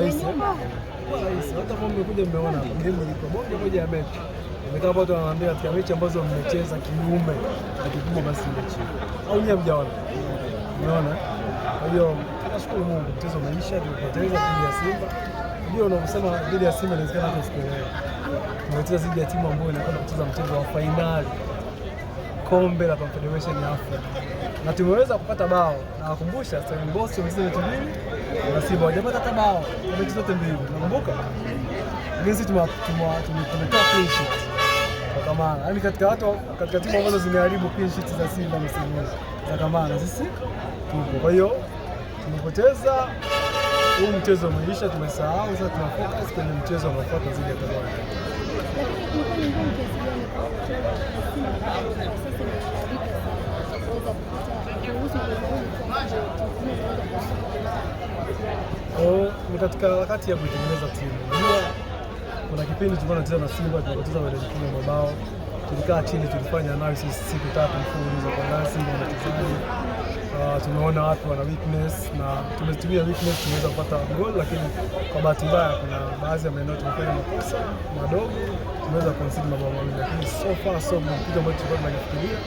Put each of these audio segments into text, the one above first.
rahisi rahisi, hata kama mmekuja mmeona game ilikuwa bonge moja ya mechi imekaa watu wanawaambia katika mechi ambazo mmecheza kinyume na kikubwa, basi mechi au nyie hamjaona? Unaona, kwa hiyo nashukuru Mungu, mchezo umeisha, tumepoteza dhidi ya Simba. Ndio unaosema dhidi ya Simba inawezekana hata siku tumecheza dhidi ya timu ambayo inakwenda kucheza mchezo wa fainali kombe la Confederation ya Afrika na tumeweza kupata bao. Nawakumbusha Stellenbosch wameziza mechi mbili na Simba wajapata hata bao mechi zote mbili, nakumbuka sisi tumetoa clean sheet Kamara, yaani katika watu katika timu ambazo zimeharibu clean sheet za Simba msimu huu za Kamara sisi tupo. Kwa hiyo tumepoteza huu mchezo umeisha, tumesahau sasa, tunafocus kwenye mchezo unaofuata zile ya ni katika wakati ya kuitengeneza timu. Kuna kipindi tulikuwa tunacheza na Simba tunapoteza kumi mabao, tulikaa chini, tulifanya analysis siku tatu mfululizo kwa nani ah, tumeona wapi wana weakness na tumetumia weakness, tumeweza kupata goal, lakini kwa bahati mbaya kuna baadhi ya maeneo tumefanya makosa madogo, tumeweza kuconcede mabao mawili lakini so far so mpiga kitu tulikuwa tunajifikiria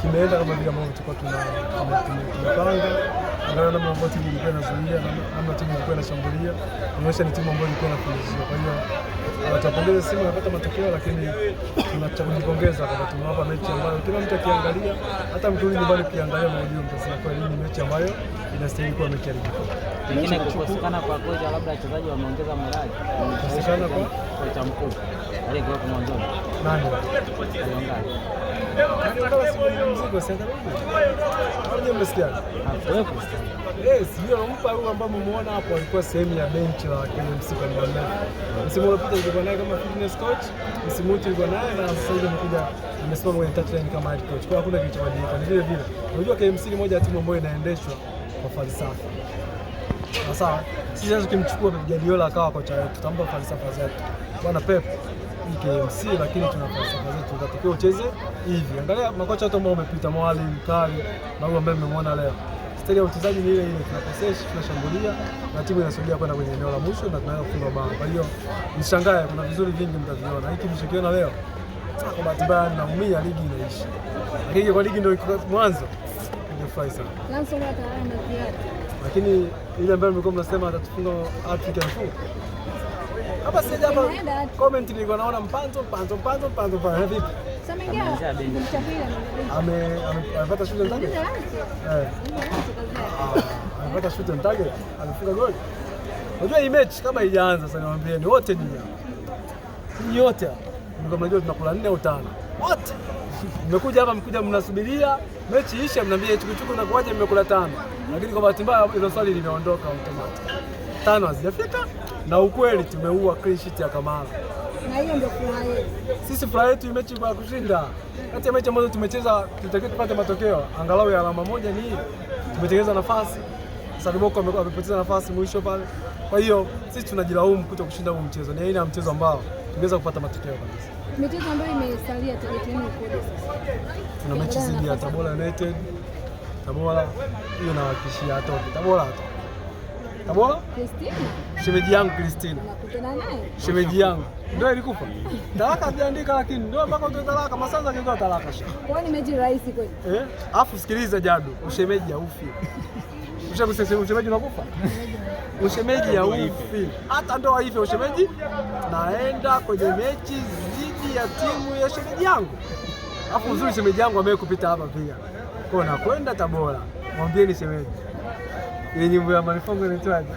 kimeenda kama vile ambavyo tulikuwa tunapanga angalau namna ambayo timu ilikuwa inazuia, namna timu ilikuwa inashambulia, inaonyesha ni timu ambayo ilikuwa inakuliziwa. Kwa hiyo watapongeza Simba wanapata matokeo, lakini tunacha kujipongeza kwamba tumewapa mechi ambayo kila mtu akiangalia, hata mtu nyumbani ukiangalia maujio mtasema kwa nini mechi ambayo inastahili kuwa mechi ya ligi kuu. Pengine kukosekana kwa kocha, labda wachezaji wameongeza morali, kukosekana kwa kocha mkuu aliyekuwa mwanzoni nani Mzigo, siangalia mmesikia hapo Eh, Sijampa huyu ambaye mmeona hapo, alikuwa sehemu ya benchi la KMC kwa muda mrefu. Msimu uliopita nilikuwa naye kama fitness coach, msimu huu nilikuwa naye na sasa hivi nimekuja nimesimama kwenye touchline kama head coach. Kwa hakuna kilichobadilika, ni vile vile. Unajua KMC ni moja ya timu ambayo inaendeshwa kwa falsafa. Sasa sisi sasa tukimchukua Pep Guardiola akawa kocha wetu, tutampa falsafa zetu. Bwana Pep ni KMC, lakini tuna falsafa zetu, tunatakiwa ucheze hivi. Angalia makocha wote ambao wamepita, Mwalimu Mkali na huyu ambaye mmemwona leo staili ya uchezaji ni ile ile, tunakosesha, tunashambulia na timu inasogea kwenda kwenye eneo la mwisho na tunaweza kufunga bao. Kwa hiyo mshangae, kuna vizuri vingi mtaviona. Hiki mlichokiona leo, kwa bahati mbaya naumia, ligi inaishi, lakini kwa ligi ndio iko mwanzo. Ningefurahi sana lakini ile ambayo mlikuwa mnasema atatufunga Afrika mkuu hapa, sija hapa comment, nilikuwa naona mpanzo mpanzo mpanzo mpanzo, vipi amepata shule Mtage, eh. ah, amepata shule Mtage, amefunga goli. Unajua hii mechi kama haijaanza sasa, niwaambieni wote nyinyi yote mnajua tunakula nne au tano wote mmekuja hapa, mkuja mnasubiria mechi ishe, mnaambia chukuchuku na kuaje, mmekula tano. Lakini kwa bahati mbaya hilo swali limeondoka automatic, tano hazijafika, na ukweli tumeua clean sheet ya Kamara na hiyo ndio furaha yetu. Sisi furaha yetu mechi kwa kushinda. Kati ya mechi ambazo tumecheza tutakiwa tupate matokeo angalau ya alama moja, ni hii tumetengeneza nafasi. Sadiboko amepoteza nafasi mwisho pale. Kwa hiyo sisi tunajilaumu kuto kushinda huu mchezo. Ni aina ya mchezo ambao tungeweza kupata matokeo kabisa. Michezo ambayo imesalia tarehe 10 ikoje Tuna mechi zidi ya Tabora United. Tabora hiyo nawahakikishia hata Tabora hata. Kamwona? Shemeji yangu Kristina. Shemeji yangu. Ndio ilikufa. Talaka sijaandika lakini ndio mpaka utoe talaka. Masanza angetoa talaka. Kwa nini meji rahisi kweli? Eh? Alafu sikiliza jadu, ushemeji haufi. Ushakusema ushemeji unakufa? Ushemeji haufi. Hata ndoa hivyo ushemeji naenda kwenye mechi dhidi ya timu ya shemeji yangu. afu uzuri shemeji yangu amekupita hapa pia. Kwa nakwenda Tabora. Mwambieni shemeji. Ile nyimbo ya Manifongo inaitwaje?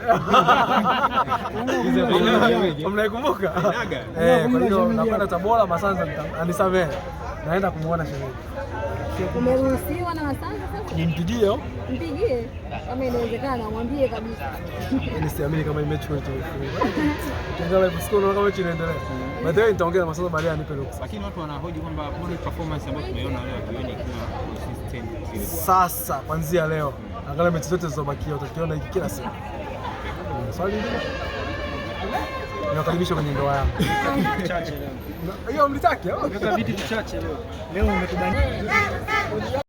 Mnaikumbuka? Eh, kwa hiyo nakwenda Tabora Masanza anisamehe. Naenda kumuona shemeji. Umeruhusiwa na Masanza sasa? Nimpigie. Mpigie. Kama inawezekana mwambie kabisa. Yaani siamini kama imechukua hiyo. Tungalia live score na kama inaendelea. Baadaye nitaongea na Masanza baadaye anipe ruhusa. Lakini watu wanahoji kwamba body performance ambayo tumeiona leo kioni ikiwa consistent. Sasa kuanzia leo. mm -hmm angalia mechi zote zilizobakia utakiona hiki kila siku. Swali hili niwakaribisha kwenye ndoa yangu. Hiyo mlitaki leo. Eh? Leo umetubania.